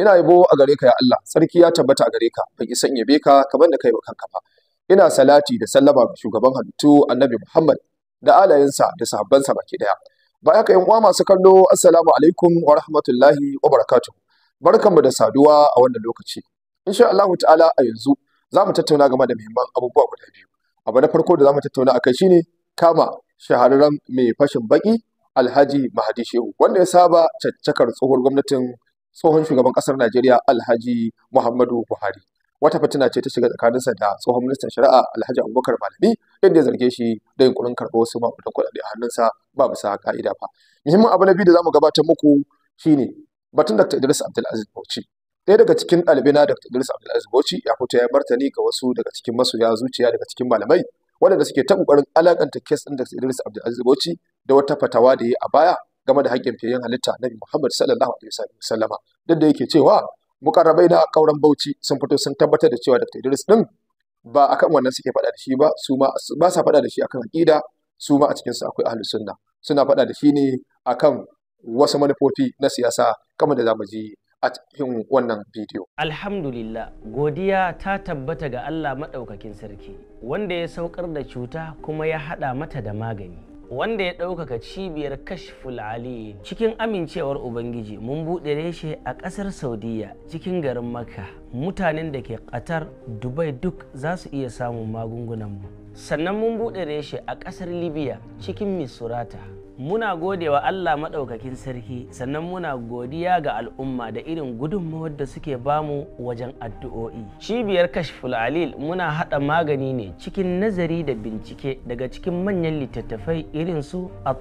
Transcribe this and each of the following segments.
ina yabo a gare ka ya Allah sarki ya tabbata a gare ka ban isa in yabe ka kaman da kai ba kanka ba ina salati da sallama ga shugaban halittu annabi Muhammad da alayensa da sahabbansa baki daya baya ka yan uwa masu kallo assalamu alaikum wa rahmatullahi wa barakatuh barkanmu da saduwa a wannan lokaci insha Allah ta'ala a yanzu zamu tattauna game da muhimman abubuwa guda biyu abu na farko da za zamu tattauna akai shine kama shahararren mai fashin baki Alhaji Mahadi Shehu wanda ya saba caccakar tsohuwar gwamnatin tsohon shugaban ƙasar Najeriya Alhaji Muhammadu Buhari. Wata fitina ce ta shiga tsakaninsa da tsohon ministan shari'a Alhaji Abubakar Malami inda ya zarge shi da yunkurin karɓar wasu maƙudan kuɗaɗe a hannunsa ba bisa ka'ida ba. Muhimmin abu na biyu da zamu gabatar muku shine batun Dr. Idris Abdulaziz Bauchi. Ɗaya daga cikin ɗalibina Dr. Idris Abdulaziz Bauchi ya fito ya martani ga wasu daga cikin masoya zuciya daga cikin malamai waɗanda suke ta ƙoƙarin alaƙanta kes ɗin Dr. Idris Abdulaziz Bauchi da wata fatawa da ya yi a baya game da haƙƙin fiyayen halitta bi Muhammad sallallahu alaihi wasallama duk da yake cewa mukarrabai na kauran Bauchi sun fito sun tabbatar da cewa Dr. Idris din ba akan wannan suke faɗa da shi ba su ma ba sa faɗa da shi akan aqida su ma a cikin su akwai ahlus sunna suna faɗa da shi ne akan wasu manufofi na siyasa kamar da zamu ji a cikin wannan bidiyo. Alhamdulillah, godiya ta tabbata ga Allah maɗaukakin sarki, wanda ya saukar da cuta kuma ya haɗa mata da magani. wanda ya ɗaukaka cibiyar kashful ali cikin amincewar ubangiji mun buɗe reshe a ƙasar saudiya cikin garin makka mutanen da ke ƙatar dubai duk za su iya samun magungunanmu sannan mun buɗe reshe a ƙasar libya cikin misurata muna gode wa Allah maɗaukakin sarki sannan muna godiya ga al'umma da irin gudunmawar da suke bamu wajen addu'o'i. Cibiyar Kashful Alil muna haɗa magani ne cikin nazari da bincike daga cikin manyan littattafai irin su at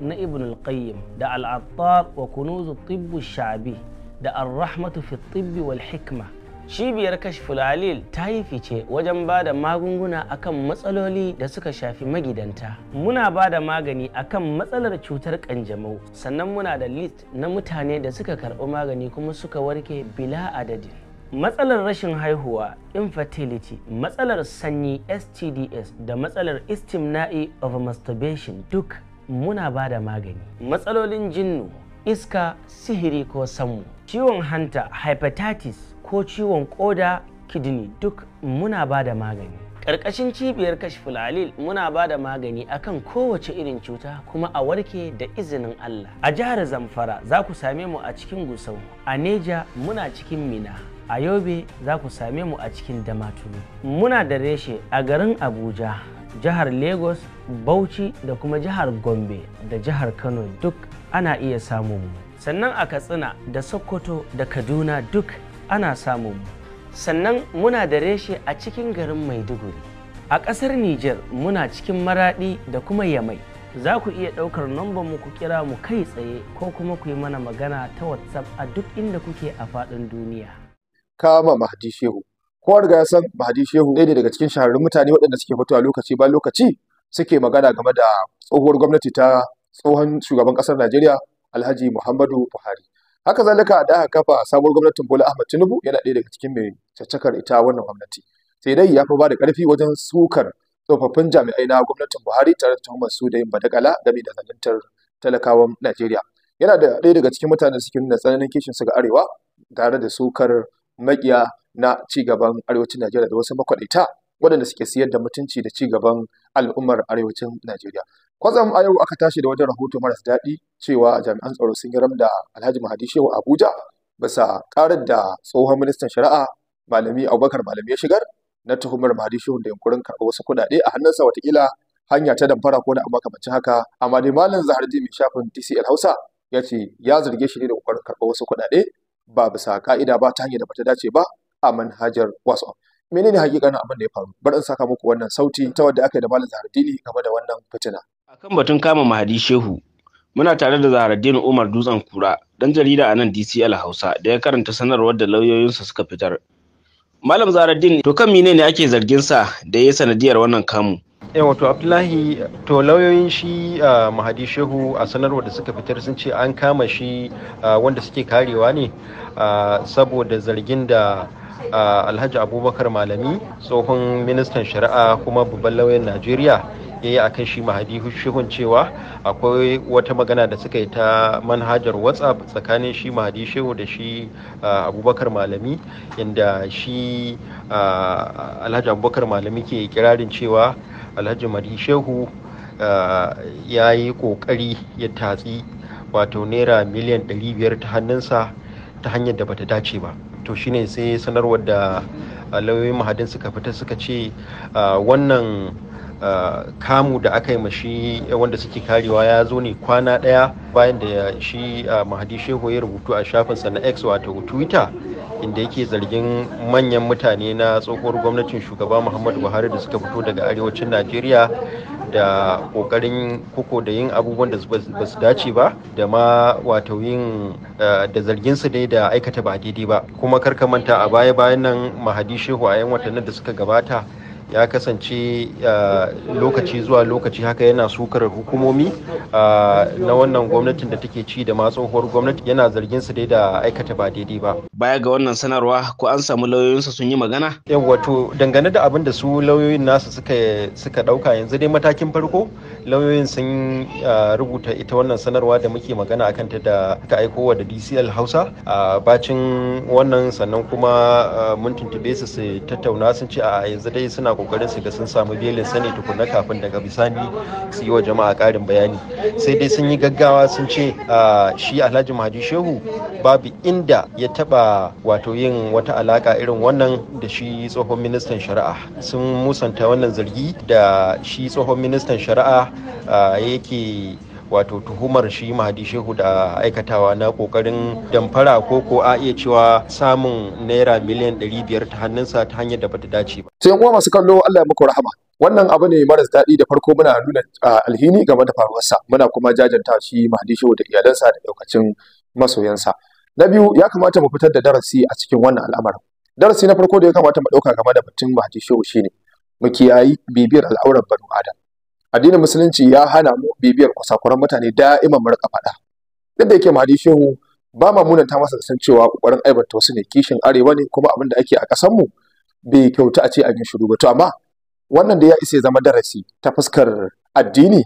na Ibn al-Qayyim da Al-Attar wa Kunuzu Tibbu Shabi da al rahmatu fi Tibbi wal Hikma. Cibiyar kashful alil ta yi fice wajen ba da magunguna akan matsaloli da suka shafi magidanta. Muna ba da magani akan matsalar cutar kanjamau, sannan muna da list na mutane da suka karɓi magani kuma suka warke bila adadin. matsalar rashin haihuwa infertility matsalar sanyi stds da matsalar istimna'i of masturbation duk muna ba da magani matsalolin jinnu iska sihiri ko sammu ciwon hanta hepatitis ko ciwon koda kidney duk muna ba da magani ƙarƙashin cibiyar kashful alil muna ba da magani akan kowace irin cuta kuma a warke da izinin Allah a jihar Zamfara za ku same mu a cikin Gusau a Neja muna cikin Mina a Yobe za ku same mu a cikin Damaturu muna da reshe a garin Abuja jihar Lagos Bauchi da kuma jihar Gombe da jihar Kano duk ana iya samun mu sannan a Katsina da Sokoto da Kaduna duk ana samun sannan muna da reshe a cikin garin maiduguri a ƙasar niger muna cikin maraɗi da kuma yamai za ku iya ɗaukar nomban mu ku kira mu kai tsaye ko kuma ku yi mana magana ta whatsapp a duk inda kuke a faɗin duniya kama mahdi shehu kowa riga ya san mahdi shehu ɗaya daga cikin shahararrun mutane waɗanda suke fitowa lokaci ba lokaci suke magana game da tsohuwar gwamnati ta tsohon shugaban ƙasar najeriya alhaji muhammadu buhari haka zalika da aka kafa sabuwar gwamnatin Bola Ahmed Tinubu yana ɗaya daga cikin mai caccakar ita wannan gwamnati sai dai ya fi ba da ƙarfi wajen sukar tsofaffin jami'ai na gwamnatin Buhari tare da tuhumar su da yin badakala game da zaluntar talakawan Najeriya yana da ɗaya daga cikin mutanen suke nuna tsananin kishin su ga arewa tare da sukar makiya na ci gaban arewacin Najeriya da wasu makwaɗaita waɗanda suke siyar da mutunci da ci gaban al'ummar arewacin Najeriya. Kwatsam a yau aka tashi da wajen rahoto maras daɗi cewa jami'an tsaro sun yi da Alhaji Mahadi Shehu Abuja bisa ƙarar da tsohon ministan shari'a Malami Abubakar Malami ya shigar na tuhumar Mahadi Shehu da yunkurin karɓar wasu kuɗaɗe a hannunsa watakila hanya ta damfara ko na amma makamancin haka amma dai malam Zahar mai shafin TCL Hausa ya ce ya zarge shi ne da ƙoƙarin karɓar wasu kuɗaɗe ba bisa ka'ida ba ta hanyar da bata dace ba a manhajar WhatsApp. menene hakikanin abin da ya faru bari in saka muku wannan sauti ta wadda aka yi da malam zahardini game da wannan fitina akan batun kama mahadi shehu muna tare da zahardini umar dutsen kura dan jarida a nan dcl hausa da ya karanta sanarwar da lauyoyinsa suka fitar malam zahardini to kan menene ake zargin sa da ya sanadiyar wannan kamu yawa to abdullahi to lauyoyin shi mahadi shehu a sanarwar da suka fitar sun ce an kama shi wanda suke karewa ne saboda zargin da alhaji abubakar malami tsohon ministan shari'a kuma babban lauyan najeriya ya yi akan shi mahadi shihun cewa akwai wata magana da suka yi ta manhajar whatsapp tsakanin shi mahadi shehu da shi abubakar malami inda shi alhaji abubakar malami ke kirarin cewa alhaji mahadi shehu ya yi kokari ya tatsi wato naira miliyan 500 ta hannunsa ta hanyar da bata dace ba to shine sai sanarwar da uh, lauyoyin mahadin suka fita suka ce uh, wannan kamu da aka yi ma shi wanda suke karewa ya zo ne kwana daya bayan da shi mahadi shehu ya rubutu a shafinsa na x wato twitter inda yake zargin manyan mutane na tsohuwar gwamnatin shugaba muhammadu buhari da suka fito daga arewacin najeriya da kokarin koko da yin abubuwan da ba su dace ba da ma wato yin da zargin su dai da aikata ba daidai ba kuma karka manta a baya bayan nan mahadi shehu a yan watannin da suka gabata ya kasance lokaci zuwa lokaci haka yana sukar hukumomi na wannan gwamnatin da take ci da ma tsohuwar gwamnati yana zargin su dai da aikata ba daidai ba baya ga wannan sanarwa ko an samu lauyoyinsa sun yi magana yawwa to dangane da abin da su lauyoyin nasu suka suka dauka yanzu dai matakin farko lauyoyin sun rubuta ita wannan sanarwa da muke magana akan ta da aka aikowa da DCL Hausa a bacin wannan sannan kuma mun tuntube su su tattauna sun ce a yanzu dai suna kokarin su ga sun samu belin sani tukunna kafin daga bisani su yi wa jama'a karin bayani sai dai sun yi gaggawa sun ce shi alhaji mahaji shehu babu inda ya taba wato yin wata alaka irin wannan da shi tsohon ministan shari'a sun musanta wannan zargi da shi tsohon ministan shari'a yake wato tuhumar shi mahadi shehu da aikatawa na kokarin damfara ko ko a iya cewa samun naira miliyan ɗari biyar ta hannunsa ta hanyar da bata dace ba sai kuma masu kallo Allah ya muku rahama wannan abu ne maras daɗi da farko muna nuna alhini game da faruwarsa muna kuma jajanta shi mahadi shehu da iyalansa da daukacin masoyansa na biyu ya kamata mu fitar da darasi a cikin wannan al'amarin darasi na farko da ya kamata mu ɗauka game da batun mahadi shehu shine mu kiyayi bibiyar al'aurar banu adam addinin musulunci ya hana mu bibiyar kusakuran mutane da mu rika faɗa duk da yake mahadi shehu ba ma munanta masa san cewa kokarin aibanta wasu ne kishin arewa ne kuma abin da ake a ƙasar mu bai kyauta a ce a yin shiru ba to amma wannan da ya isa zama darasi ta fuskar addini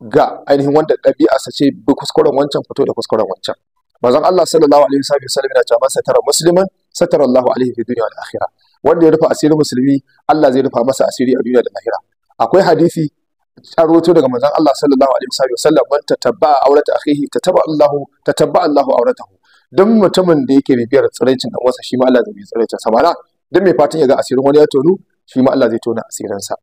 ga ainihin wanda ɗabi'a ce bi kuskuren wancan fito da kuskuren wancan bazan Allah sallallahu alaihi wasallam yana cewa satara musliman satara Allahu alaihi fi dunya wal akhirah wanda ya rufa asirin musulmi Allah zai rufa masa asiri a duniya da lahira akwai hadisi tsaroto daga manzon Allah sallallahu alaihi wasallam man tabba aurata akhihi tatabba Allahu tatabba Allahu auratahu dan mutumin da yake bibiyar tsiraicin dan wasa shi ma Allah zai bi tsiraicin sa mana dan mai fatan ya ga asirin wani ya tonu shi ma Allah zai tona asirin sa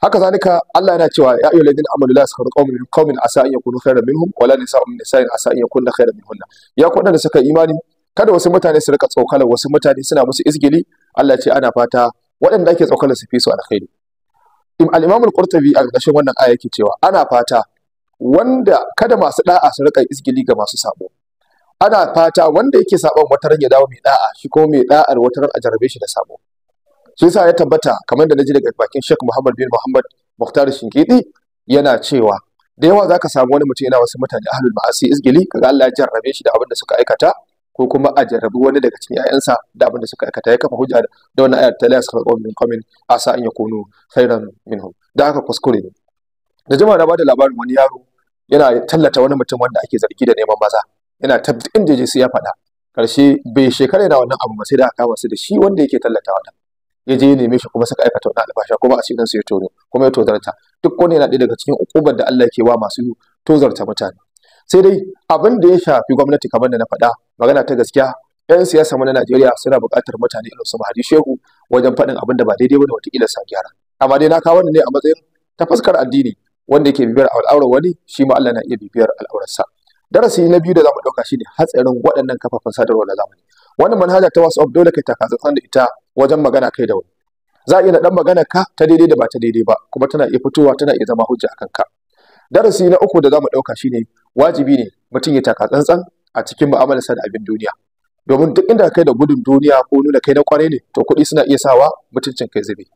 haka zalika Allah yana cewa ya ayyuhal ladina amanu la yaskharu qaumun min qaumin asa an yakunu khayran minhum wala nisa'un min nisa'in asa an yakunna khayran minhunna ya ku da suka imani kada wasu mutane su rika tsokalar wasu mutane suna musu isgili Allah ce ana fata waɗanda ake tsokalar su fi su alkhairi al-Imam al a ƙarshen wannan aya yake cewa ana fata wanda kada masu da'a su rika isgili ga masu sabo ana fata wanda yake sabon wata ran ya dawo mai da'a shi kuma mai da'ar wata ran a jarabe shi da sabo shi yasa ya tabbata kamar da naji daga bakin Sheikh Muhammad bin Muhammad Muhtar Shinkidi yana cewa da yawa zaka samu wani mutum yana wasu mutane ahlul ma'asi isgili kaga Allah ya jarrabe shi da abin da suka aikata ko kuma a jarrabi wani daga cikin ƴaƴansa da abin da suka aikata ya kafa hujja da wannan ayar ta la yaskhaqu min qawmin asa an yakunu khairan minhum da aka kuskure ne da jama'a na bada labarin wani yaro yana tallata wani mutum wanda ake zargi da neman maza yana tabbatin da sai ya faɗa karshe bai shekara yana wannan abu ba sai da aka kama su da shi wanda yake tallata wa ya je ya neme shi kuma suka aikata wannan albasha kuma a cikin su ya tore kuma ya tozarta duk wani yana ɗaya daga cikin ukubar da Allah ke wa masu tozarta mutane sai dai abin da ya shafi gwamnati kamar da na faɗa magana ta gaskiya yan siyasa mu na Najeriya suna buƙatar mutane irin su Mahadi Shehu wajen faɗin abin da ba daidai ba da wataƙila sa gyara amma dai na kawo ne a matsayin ta fuskar addini wanda yake bibiyar al'aura wani shi ma Allah na iya bibiyar al'aurarsa darasi na biyu da zamu ɗauka ne, hatsarin waɗannan kafafen sadarwa na zamani wannan manhaja ta wasu of dole kai takatsantsan da ita wajen magana kai da wani za a iya naɗan magana ka ta daidai da ba ta daidai ba kuma tana iya fitowa tana iya zama hujja akan ka darasi na uku da zamu ɗauka ne wajibi ne mutum ya taka tsantsan a cikin mu'amalarsa da abin duniya domin duk inda kai da gudun duniya ko nuna kai na kwarai ne to kuɗi suna iya sawa mutuncin kai zube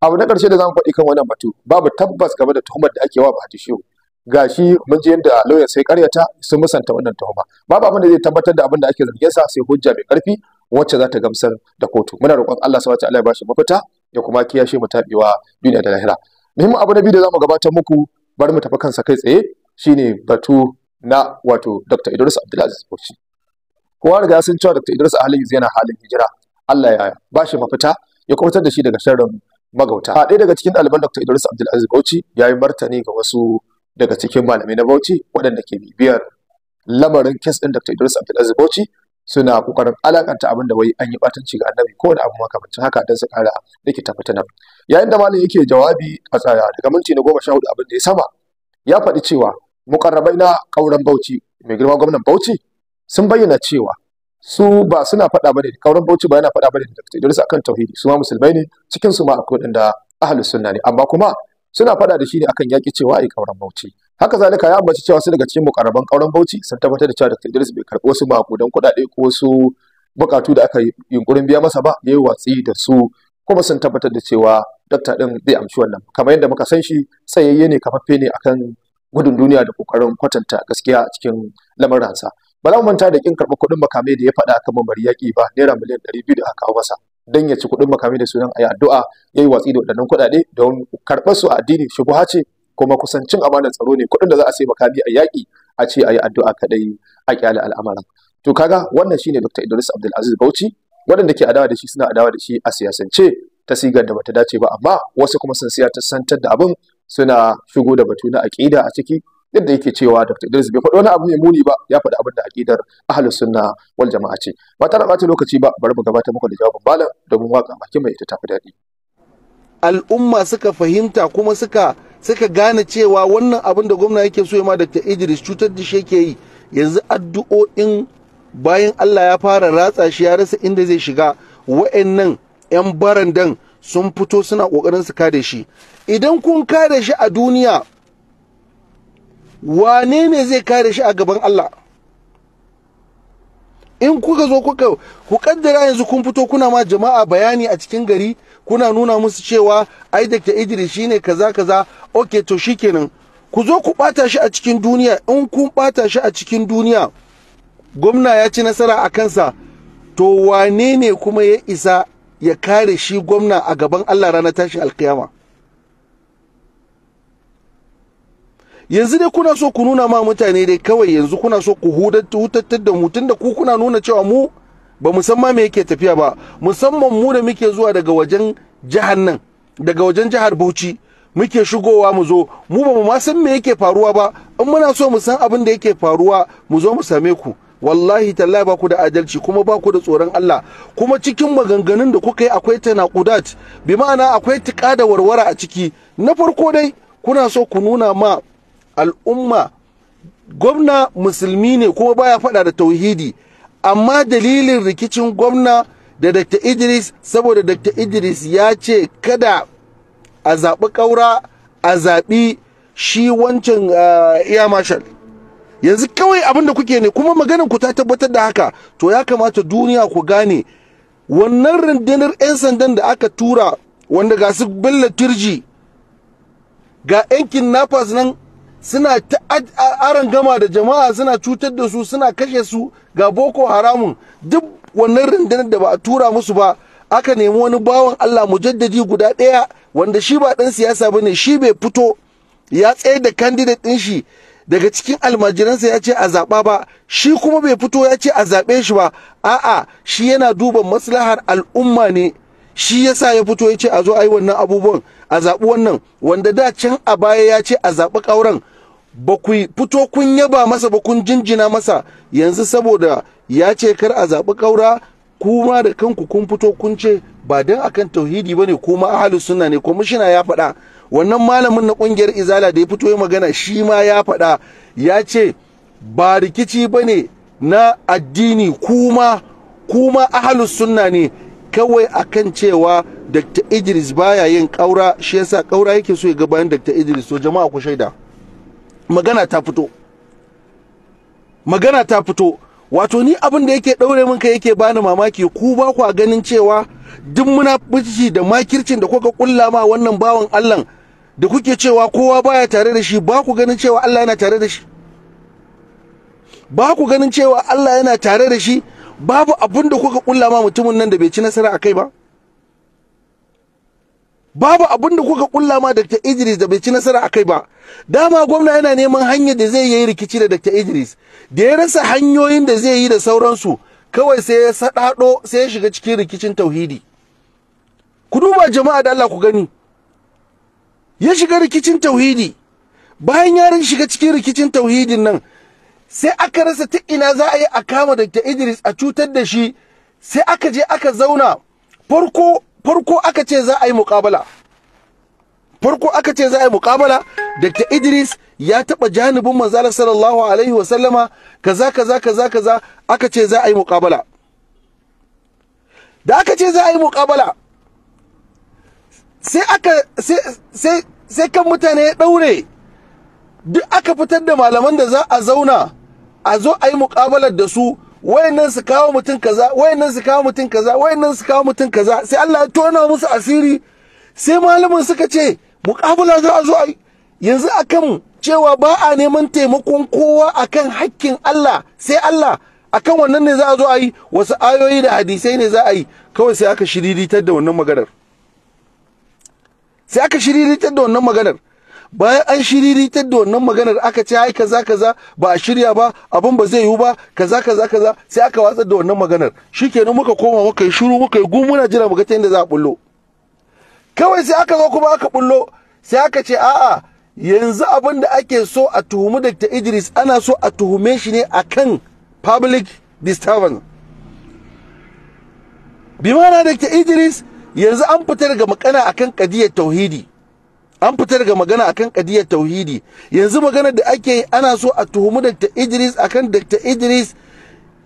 abu na ƙarshe da zamu faɗi kan wannan batu babu tabbas game da tuhumar da ake wa Bahati Shehu gashi mun ji yadda lawyer sai karyata sun musanta wannan tuhuma babu abin da zai tabbatar da abin da ake zargin sa sai hujja mai ƙarfi wacce za ta gamsar da kotu muna roƙon Allah subhanahu wa ta'ala ya bashi mafita ya kuma kiyashe mu tabewa duniya da lahira muhimmin abu na biyu da zamu gabatar muku bari mu tafi kansa kai tsaye shine batu na wato Dr. Idris Abdulaziz Bauchi kowa riga sun cewa Dr. Idris Ahli yana halin hijira Allah ya ba shi mafita ya kwatar da shi daga sharrin magauta a ɗaya daga cikin ɗaliban Dr. Idris Abdulaziz Bauchi ya yi martani ga wasu daga cikin malamai na Bauchi waɗanda ke bibiyar lamarin kes ɗin Dr. Idris Abdulaziz Bauchi suna kokarin alakanta abin da wai an yi batanci ga annabi ko da abu makamancin haka don su kara likita fitinan yayin da malam yake jawabi a tsaya daga minti na goma sha hudu abin da ya sama ya faɗi cewa mukarrabai na kauran Bauchi mai girma gwamnan Bauchi sun bayyana cewa su ba suna faɗa bane kauran Bauchi ba yana faɗa bane da Dr. Idris akan tauhidi su ma musulmai ne cikin su ma akwai wadanda ahlus sunna ne amma kuma suna faɗa da shi ne akan yaki cewa ai kauran Bauchi haka zalika ya ambaci cewa su daga cikin mukarraban kauran Bauchi sun tabbatar da cewa Dr. Idris bai karɓi wasu makudan kuɗaɗe ko wasu bukatu da aka yi yunkurin biya masa ba yayi watsi da su kuma sun tabbatar da cewa dokta din zai amshi wannan kamar yadda muka san shi sayayye ne kafaffe ne akan gudun duniya da kokarin kwatanta gaskiya a cikin lamarinsa ba za mu manta da kin karɓar kuɗin makame da ya faɗa akan mambar yaƙi ba naira miliyan ɗari biyu da aka kawo masa dan ya ci kuɗin makame da sunan ayi addu'a ya yi watsi da waɗannan kuɗaɗe don karɓar su a addini buha ce kuma kusancin amanar tsaro ne kuɗin da za a sai makami a yaki, a ce ayi addu'a kaɗai a ƙyale al'amara to kaga wannan shine Dr. Idris Abdulaziz Bauchi waɗanda ke adawa da shi suna adawa da shi a siyasance ta sigar da bata dace ba amma wasu kuma sun siya ta santar da abin suna shigo da batu na aƙida a ciki yadda yake cewa Dr. Idris bai faɗi wani abu mai muni ba ya faɗi abin da aƙidar ahlus sunna wal jama'a ce ba ta ɓata lokaci ba bari mu gabata muku da jawabin malam domin waka bakin mai ita tafi daɗi al'umma suka fahimta kuma suka suka gane cewa wannan abin da gwamna yake so ya ma Dr. Idris cutar da shi yake yi yanzu addu'o'in bayan Allah ya fara ratsa shi ya rasa inda zai shiga wa'annan 'yan barandan sun fito suna ƙoƙarin su kare shi idan kun kare shi a duniya wane ne zai kare shi a gaban Allah in kuka zo kuka ku kaddara yanzu kun fito kuna ma jama'a bayani a cikin gari kuna nuna musu cewa ai Dr. Idris shine kaza kaza okay to shikenan ku zo ku bata shi a cikin duniya in kun bata shi a cikin duniya gwamna ya ci nasara a kansa to wane ne kuma ya isa ya kare shi gwamna a gaban Allah ranar tashi alkiyama yanzu dai kuna so ku nuna ma mutane dai kawai yanzu kuna so ku hutattar da mu tunda ku kuna nuna cewa mu ba musamman me yake tafiya ba musamman mu da muke zuwa daga wajen jihar nan daga wajen jihar Bauchi muke shigowa mu zo mu ba mu ma san me yake faruwa ba in muna so mu san abin da yake faruwa mu zo mu same ku wallahi tallahi ba ku da adalci kuma baku da tsoron Allah kuma cikin maganganun da kuka yi akwai tanakudat bi ma'ana akwai tiƙa da warwara a ciki na farko dai kuna so ku nuna ma al'umma gwamna musulmi ne kuma baya faɗa da tauhidi amma dalilin rikicin gwamna da Dr. Idris saboda Dr. Idris ya ce kada a zaɓi ƙaura a zaɓi shi wancan ah, iya marshal yanzu kawai abinda kuke ne kuma maganin ku ta tabbatar da haka to ya kamata duniya ku gane wannan rundunar 'yan sandan da aka tura wanda ga su bella turji ga 'yan kidnappers nan suna ta aran gama da jama'a suna cutar da su suna kashe su ga boko haramun duk wannan rundunar da ba a tura musu ba aka nemi wani bawan Allah mujaddadi guda ɗaya wanda shi ba ɗan siyasa bane shi bai fito ya tsaye da candidate ɗin shi daga cikin almajiransa ya ce a zaɓa ba shi kuma bai fito ya ce a zaɓe shi ba a'a shi yana duba maslahar al'umma ne shi yasa ya fito ya ce a zo a yi wannan abubuwan a zaɓi wannan wanda da can a baya ya ce a zaɓi ƙauren ba ku fito kun yaba masa ba kun jinjina masa yanzu saboda ya ce kar a zaɓi ƙaura kuma da kanku kun fito kun ce ba dan akan tauhidi bane kuma ahlus sunna ne kwamishina ya faɗa wannan malamin na ƙungiyar izala da ya fito ya magana shi ma ya faɗa ya ce ba rikici bane na addini kuma kuma ahlus sunna ne kawai akan cewa Dr. Idris baya yin kaura shi yasa kaura yake so ya ga bayan Dr. Idris so jama'a ku shaida magana ta fito magana ta fito wato ni abin da yake ɗaure min kai yake bani mamaki ku ba kwa ganin cewa duk munafici da makircin da kuka kulla ma wannan bawan Allah da kuke cewa kowa baya tare da shi ba ku ganin cewa Allah yana tare da shi ba ku ganin cewa Allah yana tare da shi babu abin da kuka kulla ma mutumin nan da bai ci nasara akai ba babu abin da kuka kulla ma Dr. Idris da bai ci nasara a kai ba dama gwamna yana neman hanyar da zai yi rikici da Dr. Idris da ya rasa hanyoyin da zai yi da sauransu kawai sai ya sadado sai ya shiga cikin rikicin tauhidi ku duba jama'a da Allah ku gani ya shiga rikicin tauhidi bayan ya shiga cikin rikicin tauhidin nan sai aka rasa ta ina za a yi a kama Dr. Idris a cutar da shi sai aka je aka zauna farko farko aka ce za a yi muƙabala farko aka ce za a yi muƙabala Dr. Idris ya taɓa janibin manzalar sallallahu alaihi wasallama kaza kaza kaza kaza aka ce za a yi muƙabala da aka ce za a yi muƙabala sai aka sai sai kan mutane ya ɗaure duk aka fitar da malaman da za a zauna a zo a yi muƙabalar da su wayannan su kawo mutum kaza wayannan su kawo mutum kaza wayannan su kawo mutum kaza sai Allah ya tona musu asiri sai malamin suka ce muqabala za a zo ai yanzu akan cewa ba a neman taimakon kowa akan hakkin Allah sai Allah akan wannan ne za a zo ai yi wasu ayoyi da hadisai ne za a yi kawai sai aka shiriritar da wannan maganar sai aka shiriritar da wannan maganar bayan an shiriritar da wannan maganar aka ce ai kaza kaza ba a shirya ba abin ba zai yiwu ba kaza kaza kaza sai aka watsar da wannan maganar shikenan muka koma muka yi shiru muka yi gumu muna jira muga ta yadda za a bullo kawai sai aka zo kuma aka bullo sai aka ce a'a yanzu abin da ake so a tuhumi Dr. Idris ana so a tuhume shi ne akan public disturbance bi mana Dr. Idris yanzu an fita daga makana akan kadiyar tauhidi an fitar daga magana akan kadiyar tauhidi yanzu magana da ake ana so a tuhumi Dr. Idris akan Dr. Idris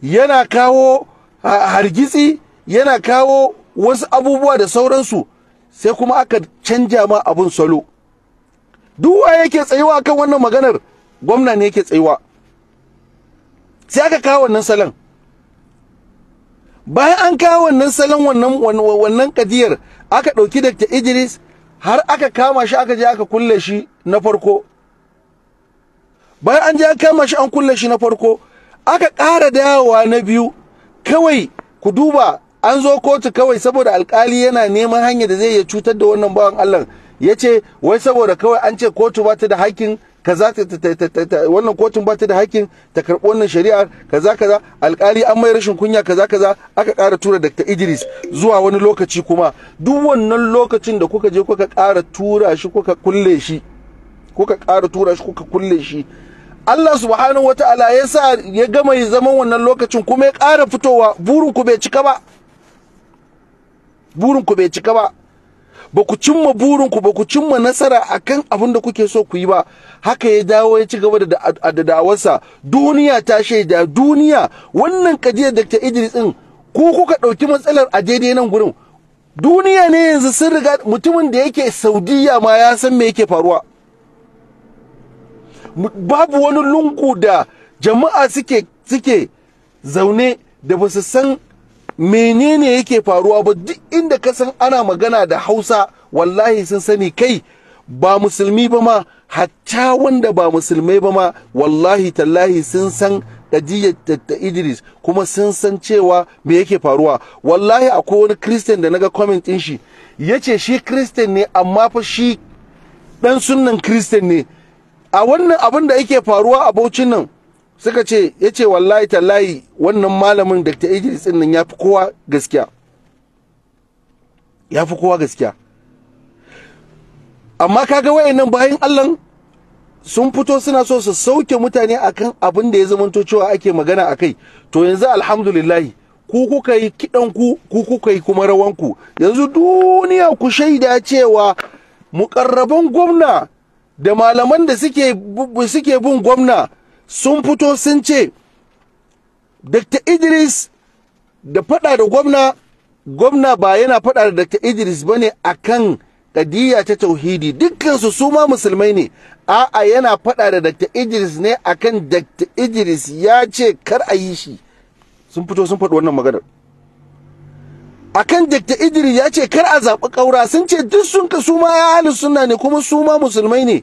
yana kawo hargitsi yana kawo wasu abubuwa da sauransu sai kuma aka canja ma abun salo duk wa yake tsayuwa kan wannan maganar gwamna ne yake tsayuwa sai aka kawo wannan salon bayan an kawo wannan salon wannan wannan kadiyar aka ɗauki Dr. Idris har aka kama shi aka je aka kulle shi na farko bayan an je aka kama shi an kulle shi na farko aka ƙara dawowa na biyu kawai ku duba an zo kotu kawai saboda alkali yana neman hanyar da zai iya cutar da wannan bawan Allah ya ce wai saboda kawai an ce kotu ba ta da hakkin kaza wannan kotun ba ta da hakkin ta karɓi wannan shari'ar kaza kaza alƙali an mai rashin kunya kaza kaza aka ƙara tura Dr. Idris zuwa wani lokaci kuma duk wannan lokacin da kuka je kuka ƙara tura shi kuka kulle shi kuka ƙara tura shi kuka kulle shi Allah subhanahu ta'ala ya sa ya gama yi zaman wannan lokacin kuma ya ƙara fitowa burin ku bai cika ba burin ku bai cika ba ba ku cimma burinku ba ku cimma nasara akan abin da kuke so ku yi ba haka ya dawo ya ci gaba da dadawarsa duniya ta shaida duniya wannan kajiyar Dr. Idris din ku kuka ɗauki matsalar a daidai nan gurin duniya ne yanzu sun riga mutumin da yake Saudiya ma ya san me yake faruwa babu wani lungu da jama'a suke suke zaune da ba su san menene yake faruwa ba duk inda ka san ana magana da hausa wallahi sun sani kai ba musulmi ba ma hatta wanda ba musulmai ba ma wallahi tallahi sun san kadiyar idris kuma sun san cewa me yake faruwa wallahi akwai wani christian da naga comment din shi yace shi christian ne amma fa shi dan sunnan christian ne a wannan abin da yake faruwa a baucin nan suka ce ya ce wallahi tallahi wannan malamin dr idris din nan ya fi kowa gaskiya ya fi kowa gaskiya amma kaga wayannan bayan allah sun fito suna so su sauke mutane akan abin da ya zamanto cewa ake magana a kai to yanzu alhamdulillah ku kuka yi kidan ku ku kuka yi kuma rawanku yanzu duniya ku shaida cewa mukarraban gwamna da malaman da suke bin gwamna sun fito sun ce Dr. Idris da faɗa da gwamna gwamna ba yana faɗa da Dr. Idris ba ne a kan ƙadiyya ta tauhidi dukkansu su ma musulmai ne a'a yana faɗa da Dr. Idris ne a kan Dr. Idris ya ce kar a yi shi sun fito sun faɗi wannan maganar a kan Dr. Idris ya ce kar a zaɓi ƙaura sun ce duk sun ka su ma ya halin suna ne kuma su ma musulmai ne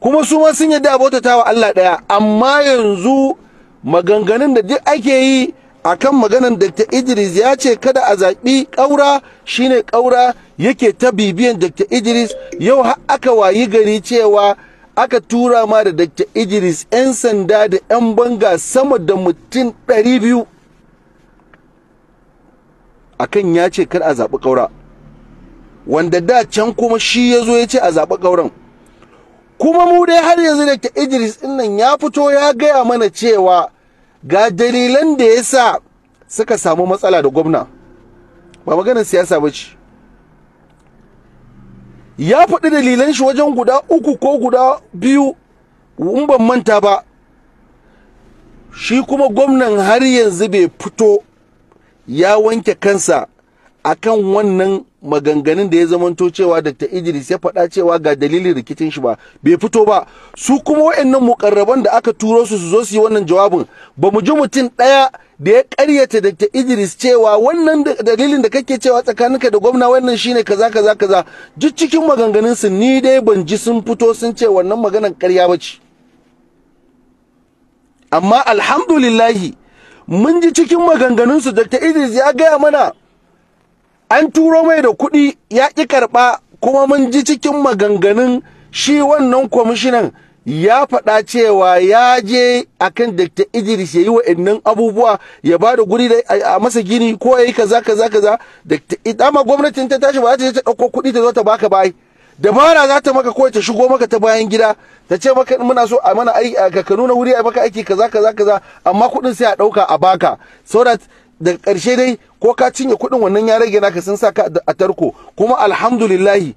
kuma su ma sun yadda abota wa Allah ɗaya amma yanzu maganganun da duk ake yi akan maganan Dr. Idris ya ce kada a zaɓi ƙaura shine ƙaura yake ta bibiyan Dr. Idris yau har aka wayi gari cewa aka tura ma da Dr. Idris 'yan sanda da 'yan banga sama da mutum 200 akan ya ce kar a zaɓi ƙaura wanda da can kuma shi ya zo ya ce a zaɓi ƙauran kuma mu dai har yanzu da ta idris nan ya fito ya gaya mana cewa ga dalilan da ya sa suka samu matsala da gwamna ba maganar siyasa ba ce ya faɗi dalilan shi wajen guda uku ko guda biyu in ban manta ba shi kuma gwamnan har yanzu bai fito ya wanke kansa akan wannan maganganun da ya zamanto cewa Dr. Idris ya faɗa cewa ga dalilin rikicin shi ba bai fito ba su kuma mu mukarraban da aka turo su su zo su yi wannan jawabin ba mu ji mutum ɗaya da ya ƙaryata Dr. Idris cewa wannan dalilin da kake cewa tsakaninka da gwamna wannan shine kaza kaza kaza duk cikin maganganun su ni dai ban ji sun fito sun ce wannan maganar ƙarya ba ce amma alhamdulillahi mun ji cikin maganganun su Dr. Idris ya gaya mana an turo mai da kuɗi ya ƙi karɓa kuma mun ji cikin maganganun shi wannan kwamishinan ya faɗa cewa ya je a kan Dr. Idris ya yi wa innan abubuwa ya ba da guri a masa gini ko ya yi kaza kaza kaza Dr. ma gwamnatin ta tashi ba za ta ta ɗauko kuɗi ta zo ta baka bayi dabara za ta maka ko ta shigo maka ta bayan gida ta ce maka muna so a mana aiki ka nuna wuri a maka aiki kaza kaza kaza amma kuɗin sai a ɗauka a baka so that daga ƙarshe dai ko ka cinye kuɗin wannan ya rage naka sun saka a tarko kuma alhamdulillahi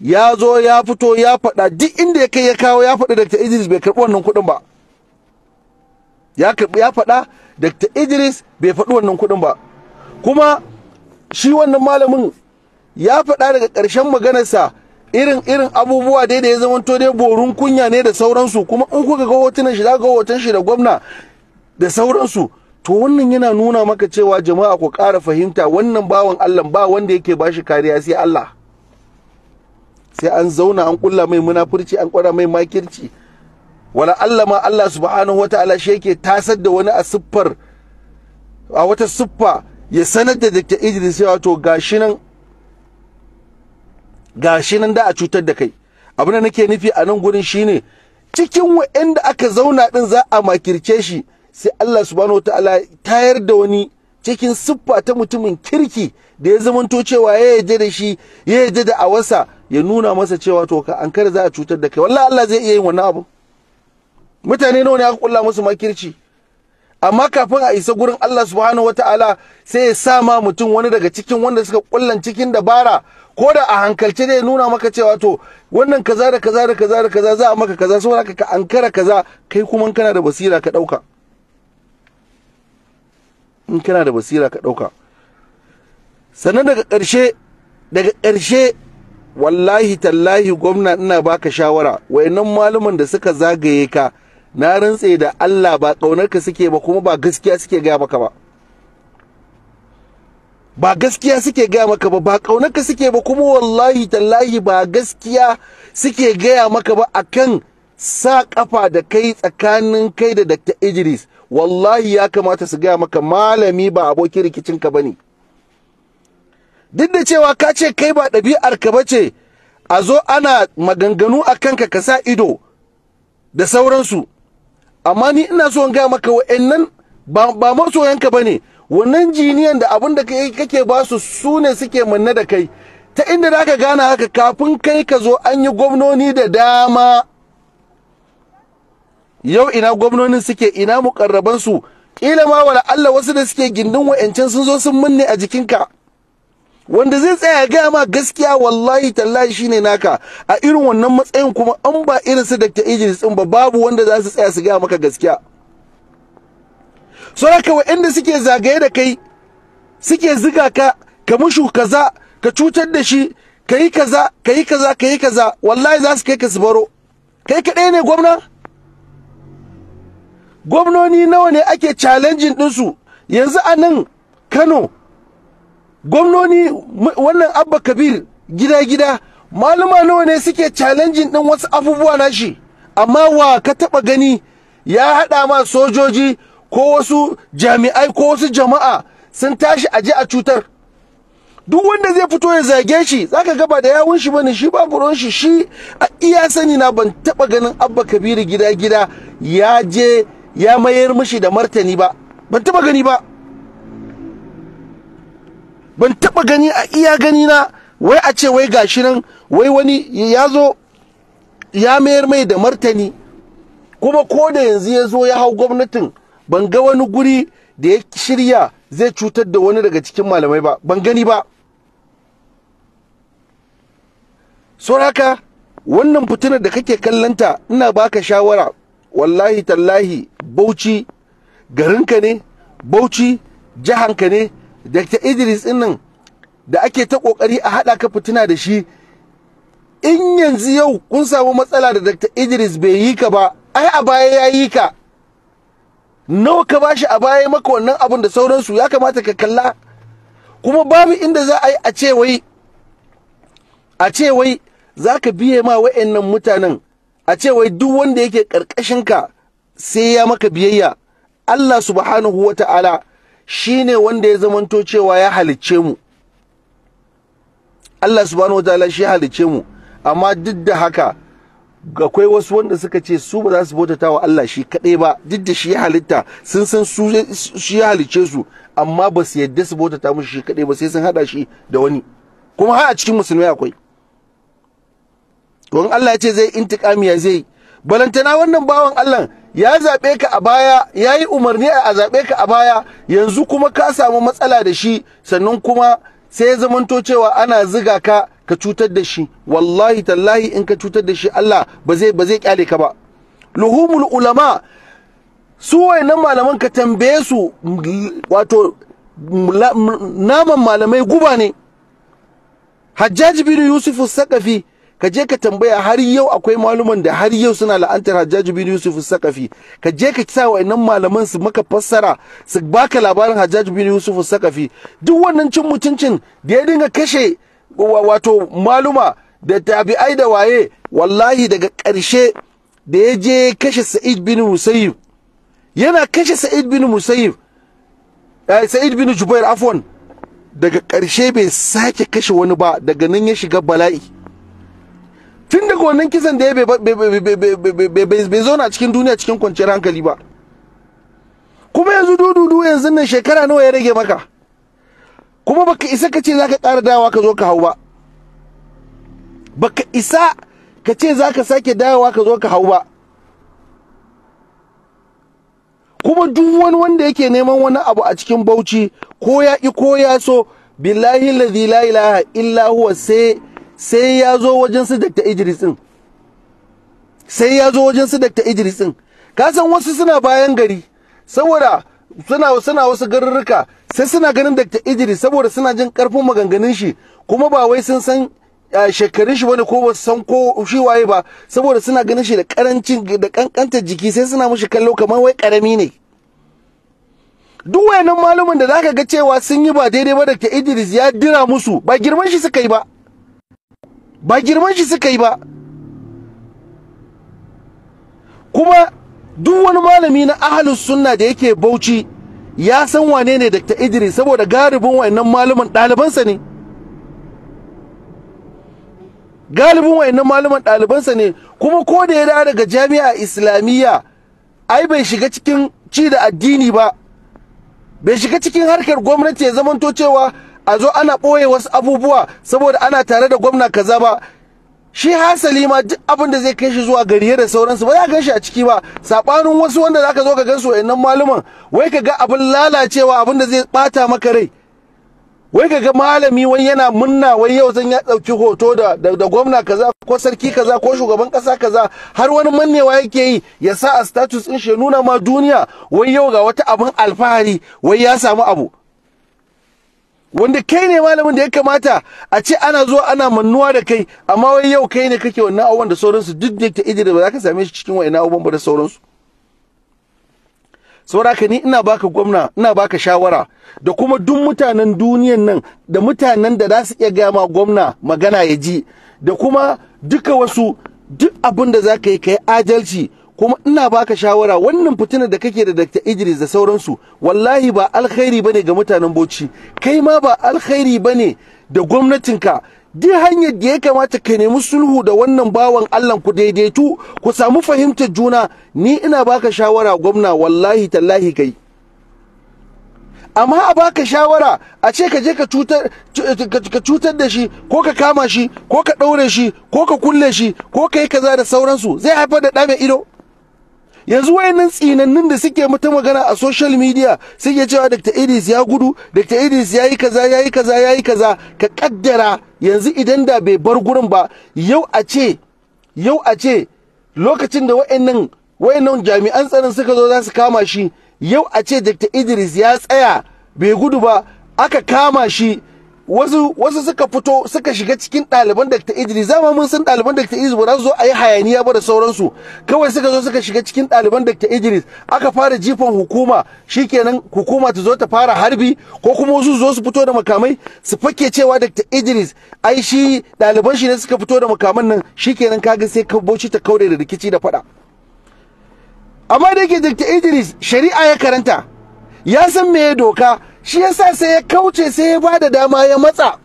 ya zo ya fito ya faɗa duk inda ya kai ya kawo ya faɗi Dr. Idris bai karɓi wannan kuɗin ba ya karɓi ya faɗa Dr. Idris bai faɗi wannan kuɗin ba kuma shi wannan malamin ya faɗa daga ƙarshen maganarsa irin irin abubuwa dai da ya zamanto dai borun kunya ne da sauransu kuma in kuka ga hotunan shi za ga hoton shi da gwamna da sauransu to wannan yana nuna maka cewa jama'a ku ƙara fahimta wannan bawan Allah ba wanda yake bashi kariya sai Allah sai an zauna an ƙulla mai munafurci an kwara mai makirci wala Allah ma Allah subhanahu wataala shi yake tasar da wani a a wata siffa ya sanar da Dr. Idris cewa to gashi nan gashi nan da a cutar da kai abin da nake nufi a nan gurin shine cikin waɗanda aka zauna din za a makirce shi sai Allah subhanahu ta'ala tayar da wani cikin siffa ta mutumin kirki da ya zamanto cewa ya yaje da shi ya yaje da awasa ya nuna masa cewa to ka ankara za a cutar da kai wallahi Allah zai iya yin wannan abu mutane nawa ne aka kulla musu makirci amma kafin a isa gurin Allah subhanahu wataala sai ya sa ma mutum wani daga cikin wanda suka kullan cikin dabara ko da a hankalce ne nuna maka cewa to wannan kaza da kaza da kaza da kaza za a maka kaza saboda ka ankara kaza kai kuma kana da basira ka dauka in kana da basira ka ɗauka sannan daga ƙarshe daga ƙarshe wallahi tallahi gwamna ina baka shawara wayannan malaman da suka zagaye ka na rantse da Allah ba ka suke ba kuma ba gaskiya suke gaya maka ba ba gaskiya suke gaya maka ba ba ka suke ba kuma wallahi tallahi ba gaskiya suke gaya maka ba akan sa kafa da kai tsakanin kai da Dr. Idris wallahi ya kamata su gaya maka malami ba abokin rikicinka ba ne duk da cewa ka ce kai ba ɗabi'arka ba ce a zo ana maganganu a kanka ka sa ido da sauransu amma ni ina so in gaya maka wa'annan ba, ba masoyanka ba ne wannan jiniyan da abin da kake ba su su ne suke manne da kai ta inda za ka gane haka kafin kai ka zo an yi gwamnoni da dama yau ina gwamnonin suke ina mukarrabansu Ƙila ma wala Allah wasu da suke gindin wa'ancan sun zo sun munne a jikinka wanda zai tsaya ya gaya ma gaskiya wallahi tallahi shine naka a irin wannan matsayin kuma an ba irin su Dr. Idris din ba babu wanda za su tsaya su gaya maka gaskiya so haka wa'anda suke zagaye da kai suke ziga ka ka mushu kaza ka cutar da shi kayi kaza kayi kaza yi kaza wallahi za su kai ka su baro kai kaɗai ne gwamna gwamnoni nawa ne ake challenging ɗinsu yanzu anan kano gwamnoni wannan abba kabir gida-gida malama nawa ne suke challenging din wasu abubuwa shi amma wa ka taɓa gani ya haɗa ma sojoji ko wasu jami'ai ko wasu jama'a sun tashi a ji a cutar duk wanda zai fito ya zage shi zaka ga ba da yawun shi bane shi ba buron shi shi a iya sani na ban taba ganin abba kabiru gida gida ya je ya mayar mishi da martani ba ban taba gani ba ban taba gani a iya gani na wai a ce wai gashi nan wai wani ya zo ya mayar mai da martani kuma ko da yanzu ya zo ya hau gwamnatin ban ga wani guri da ya shirya zai cutar da wani daga cikin malamai ba ban gani ba sauraka wannan fitinar da kake kallanta ina baka shawara wallahi tallahi bauchi garinka ne bauchi jihanka ne dr idris nan da ake ta kokari a hada ka fitina da shi in yanzu yau kun samu matsala da dr idris bai yi ka ba ai a baya ya yi ka nawa ka bashi a baya maka wannan abun da sauransu ya kamata ka kalla kuma babu inda za a yi a ce wai a ce wai za ka biye ma wa'annan mutanen a ce wai duk wanda yake karkashin ka sai ya maka biyayya Allah subhanahu wa ta'ala shi wanda ya zamanto cewa ya halicce mu Allah subhanahu wa ta'ala shi halicce mu amma duk da haka akwai wasu wanda suka ce su ba za su bautata wa Allah shi kaɗai ba duk da shi ya halitta sun san su shi ya halicce su amma ba su yadda su bautata mu shi kaɗai ba sai sun haɗa shi da wani kuma har a cikin musulmai akwai to in Allah ya ce zai intikami ya zai balantana wannan bawan Allah ya zaɓe ka a baya ya yi umarni a zaɓe ka a baya yanzu kuma ka samu matsala da shi sannan kuma sai ya zamanto cewa ana ziga ka ka cutar da shi wallahi tallahi in ka cutar da shi Allah ba zai ba zai kyale ka ba luhumul ulama su wayannan malaman ka tambaye su wato naman malamai guba ne Hajjaji bin Yusuf Sakafi ka je ka tambaya har yau akwai maluman da har yau suna la'antar Hajjaj bin Yusuf Sakafi ka je ka sa wa'annan malaman su maka fassara su baka labarin Hajjaj bin Yusuf Sakafi duk wannan cin mutuncin da ya dinga kashe wato maluma da tabi'ai da waye wallahi daga ƙarshe da ya je kashe Sa'id bin Musayyib yana kashe Sa'id bin Musayyib eh, Sa'id bin Jubair afwan daga karshe bai sake kashe wani ba daga nan ya shiga bala'i tun daga wannan kisan da ya bai zauna cikin duniya cikin kwanciyar hankali ba kuma yanzu dududu yanzu nan shekara nawa ya rage maka kuma baka isa ka ce zaka ƙara dawa ka zo ka hau ba baka isa ka ce zaka sake dawa ka zo ka hau ba kuma duk wani wanda yake neman wani abu a cikin bauchi ko ya ki ko ya so billahi la ilaha illa huwa sai sai ya zo wajen su Dr. Idris din sai ya zo wajen su Dr. Idris din ka san wasu suna bayan gari saboda suna suna wasu garurruka sai suna ganin Dr. Idris saboda suna jin karfin maganganun shi kuma ba wai sun san shekarun shi wani ko ba san ko shi waye ba saboda suna ganin shi da karancin da kankanta jiki sai suna mushi kallo kamar wai karami ne duk wayannan malumin da zaka ga cewa sun yi ba daidai ba Dr. Idris ya dira musu ba girman shi suka yi ba ba girman shi suka yi ba kuma duk wani malami na ahalus sunna da yake bauchi ya san wane ne Dr. Idris saboda galibin wayannan malaman ɗalibansa ne galibin wayannan malaman ɗalibansa ne kuma ko da ya dawo daga jami'a islamiyya ai bai shiga cikin ci da addini ba bai shiga cikin harkar gwamnati ya zamanto cewa a zo ana ɓoye wasu abubuwa saboda ana tare da gwamna kaza ba shi hasali ma duk abin da zai kai shi zuwa gari da sauransu ba za ka shi a ciki ba saɓanin wasu wanda za ka zo ka gansu wayannan malaman wai ka ga abin lalacewa abin da zai ɓata maka rai wai ka ga malami wani yana munna wai yau zan ya ɗauki hoto da da gwamna kaza ko sarki kaza ko shugaban ƙasa kaza har wani mannewa yake yi ya sa a status ɗin shi nuna ma duniya wai yau ga wata abin alfahari wai ya samu abu wanda kai ne malamin da ya kamata a ce ana zuwa ana mannuwa da kai amma wai yau kai ne kake wannan abubuwan da sauransu duk da ta ba za ka same shi cikin wa'ina abubuwan ba da sauransu saboda ni ina baka gwamna ina baka shawara da kuma duk mutanen duniyan nan da mutanen da za su iya gama gwamna magana ya ji da kuma duka wasu duk abin da za ka yi ka yi adalci kuma ina baka shawara wannan fitinar da kake da Dr. Idris da sauransu wallahi ba alkhairi bane ga mutanen Bauchi kai ma ba alkhairi bane da gwamnatin ka duk hanyar da ya kamata ka nemi sulhu da wannan bawan Allah ku daidaitu ku samu fahimtar juna ni ina baka shawara gwamna wallahi tallahi kai amma a baka shawara a ce ka je ka cutar da shi ko ka kama shi ko ka ɗaure shi ko ka kulle shi ko ka yi kaza da sauransu zai haifar da ɗame ido yanzu wayannan tsinannin da suke mata magana a social media suke cewa Dr. Idris ya gudu Dr. Idris ya yi kaza ya yi kaza ya kaza ka kaddara yanzu idan da bai bar gurin ba yau a ce yau a ce lokacin da wayannan wayannan jami'an tsaron suka zo za su kama shi yau a ce Dr. Idris ya tsaya bai gudu ba aka kama shi wasu wasu suka fito suka shiga cikin ɗaliban ta Idris zama mun san ɗaliban ta Idris ba zo a yi hayaniya ba da sauransu kawai suka zo suka shiga cikin ɗaliban ta Idris aka fara jifan hukuma shikenan hukuma ta zo ta fara harbi ko kuma wasu zo su fito da makamai su fake cewa ta Idris ai shi ɗaliban shi ne suka fito da makaman nan shi shikenan kaga sai ka boci ta kaure da rikici da faɗa amma da yake ta Idris shari'a ya karanta ya san me doka shi yasa sai ya kauce sai ya bada dama ya matsa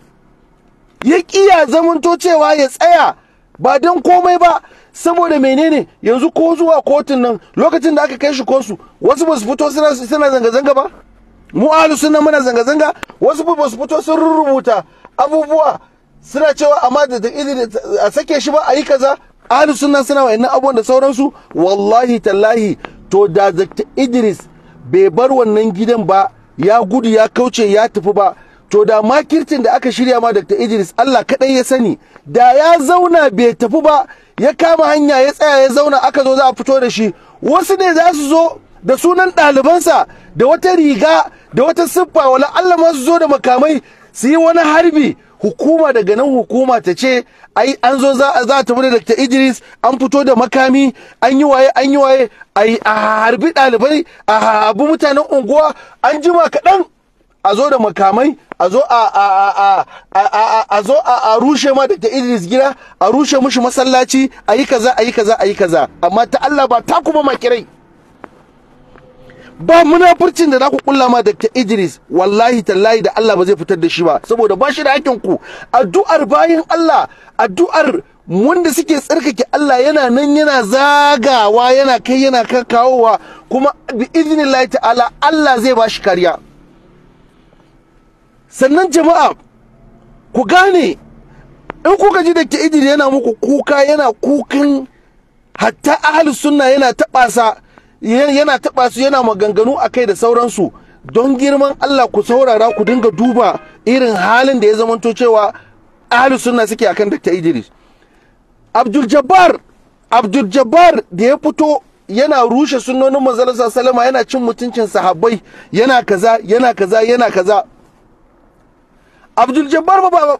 ya kiya zamanto cewa ya tsaya ba don komai ba saboda menene yanzu ko zuwa kotun nan lokacin da aka kai shi kosu wasu ba su fito suna zanga-zanga ba mu alu suna muna zanga-zanga wasu ba su fito sun rubuta abubuwa suna cewa amma da a sake shi ba a yi kaza alu sunna suna wa'annan abubuwan da sauransu wallahi tallahi to da Dr. Idris bai bar wannan gidan ba ya gudu ya kauce ya tafi ba to da makircin da aka shirya ma Dr. Idris Allah kaɗai ya sani da ya zauna bai tafi ba ya kama hanya ya tsaya ya zauna aka zo za a fito da shi wasu ne za su zo da sunan ɗalibansa da wata riga da wata siffa wala Allah ma su zo da makamai su yi wani harbi hukuma daga nan hukuma ta ce ai an zo za a tafi da Dr. Idris an fito da makami an yi waye an yi waye ai a harbi ɗalibai a harbi mutanen unguwa an jima kaɗan a zo da makamai a zo a a zo a rushe ma Dr. Idris gida a rushe mushi masallaci a yi kaza a yi kaza a yi kaza amma ta Allah ba ta kuma makirai ba munafurcin da za ku kulla ma Dr. Idris wallahi tallahi da Allah ba zai fitar da shi ba saboda ba shi da hakkin ku addu'ar bayin Allah addu'ar wanda suke tsarkake Allah yana nan yana zagawa yana kai yana kawowa kuma bi idnillahi ta'ala Allah zai ba shi kariya sannan jama'a ku gane in kuka ji Dr. Idris yana muku kuka yana kukan hatta ahlus sunna yana taɓasa yana taɓa su yana maganganu a kai da sauransu don girman Allah ku saurara ku dinga duba irin halin da ya zamanto cewa ahlus sunna suke akan Dr. Idris Abdul Jabbar Abdul Jabbar da ya fito yana rushe sunnonin manzon sallama yana cin mutuncin sahabbai yana kaza yana kaza yana kaza Abdul Jabbar ba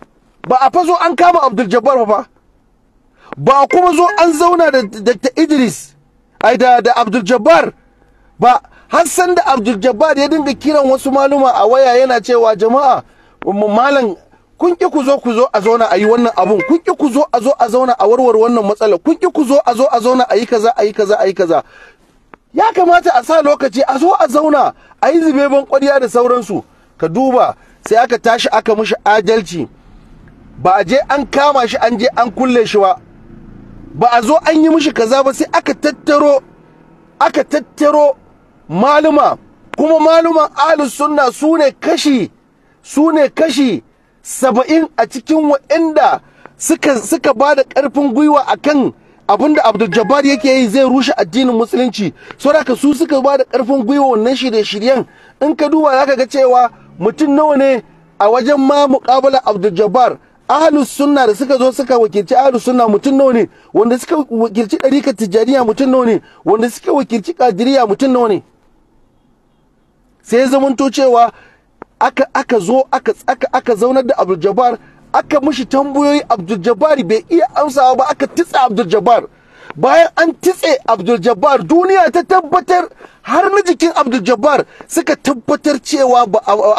ba a fa zo an kama Abdul Jabbar ba ba kuma zo an zauna da Dr. Idris ai da da Abdul Jabbar ba har san da Abdul Jabbar ya dinga kiran wasu maluma a waya yana cewa jama'a malam kun ki ku zo ku zo a zauna a wannan abun kun ki ku zo a zo a zauna a warware wannan matsalar kun ki ku zo a zo a zauna a kaza a kaza a kaza ya kamata a sa lokaci a zo a zauna ayi zubeban zubeben da sauransu ka duba sai aka tashi aka mishi adalci ba a je an kama shi an je an kulle shi ba ba a zo an yi mishi kaza ba sai aka tattaro aka tattaro maluma kuma maluman ahlus sunna su ne kashi su ne kashi saba'in a cikin waɗanda suka suka ba da ƙarfin gwiwa akan abin da Abdul yake yi zai rushe addinin musulunci saboda su suka ba da ƙarfin gwiwa wannan shirye-shiryen in ka duba zaka ga cewa mutum nawa ne a wajen ma muƙabala Abdul ahlus sunna da suka zo suka wakilci ahlus sunna mutum nawa ne wanda suka wakilci ɗarika tijjaniya mutum nawa ne wanda suka wakilci kadiriya mutum nawa ne sai zamanto cewa aka aka zo aka aka aka zaunar da Abdul aka mishi tambayoyi Abdul bai iya amsawa ba aka titsa Abdul bayan an titse abdul jabbar duniya ta tabbatar har na jikin abdul jabbar suka tabbatar cewa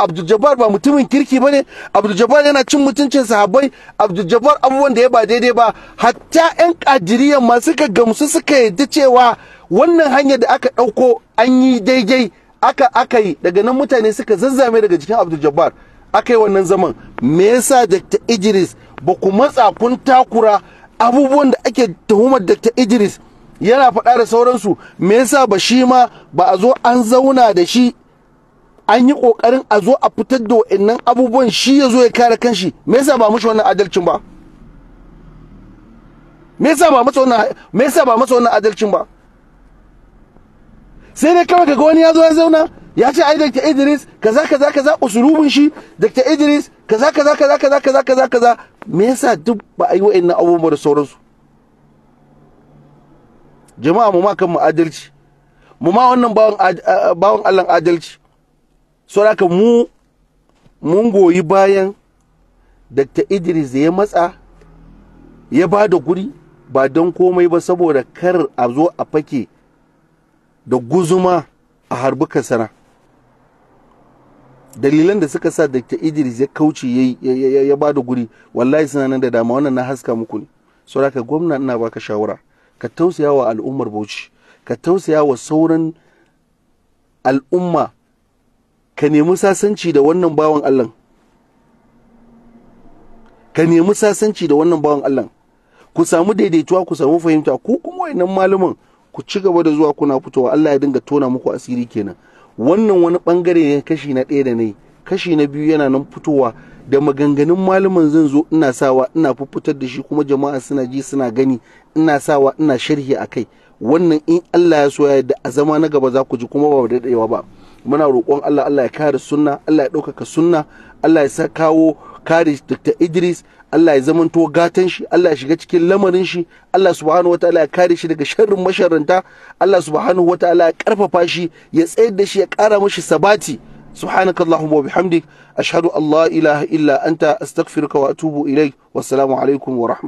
abdul jabbar ba mutumin kirki ba ne abdul jabbar yana cin mutuncin sahabbai abdul jabbar abubuwan da ya ba daidai ba hatta yan kajiriya ma suka gamsu suka yadda cewa wannan hanyar da aka ɗauko an yi daidai aka aka yi daga nan mutane suka zazzame daga jikin abdul jabbar aka wannan zaman me yasa dr idris ba ku matsa kun takura abubuwan da ake tuhumar Dr. Idris yana faɗa da sauransu me yasa ba shi ma ba a zo an zauna da shi an yi ƙoƙarin a zo a fitar da wa'annan abubuwan shi ya zo ya kare kanshi me yasa ba mushi wannan adalcin ba me yasa ba masa wannan me yasa ba masa wannan adalcin ba sai dai kawai kaga wani ya zo ya zauna ya ce ai Dr. Idris kaza kaza kaza usulubin shi Dr. Idris kaza kaza kaza kaza kaza kaza kaza me yasa duk ba a yi wa'annan abubuwa da sauransu jama'a mu ma kan mu adalci mu ma wannan bawan Allah adalci so mu mun goyi bayan Dr. Idris ya matsa ya ba da guri ba don komai ba saboda kar a zo a fake da guzuma a harbukan sana dalilan da suka sa Dr. Idris ya kauce ya ba da guri wallahi suna nan da dama wannan na haska muku ne saboda gwamna ina baka shawara ka tausaya wa al'ummar Bauchi ka tausaya wa sauran al'umma ka nemi sasanci da wannan bawan Allah ka nemi sasanci da wannan bawan Allah ku samu daidaituwa ku samu fahimta ku kuma wayannan malaman ku ci gaba da zuwa kuna fitowa Allah ya dinga tona muku asiri kenan wannan wani bangare ne kashi na ɗaya da ne kashi na biyu yana nan fitowa da maganganun malaman zan zo ina sawa ina fuffutar da shi kuma jama'a suna ji suna gani ina sawa ina sharhi a kai wannan in Allah ya so ya da a zama na gaba za ku ji kuma ba daɗewa ba muna roƙon Allah Allah ya kare sunna Allah ya ɗaukaka sunna Allah ya sa kawo kare Dr. Idris Allah ya zamanto gatan shi Allah ya shiga cikin lamarin shi Allah subhanahu wataala ya kare shi daga sharrin masharanta. Allah subhanahu wataala ya karfafa shi ya tsayar da shi ya kara mashi sabati سبحانك اللهم وبحمدك أشهد أن لا إله إلا أنت أستغفرك وأتوب إليك والسلام عليكم ورحمة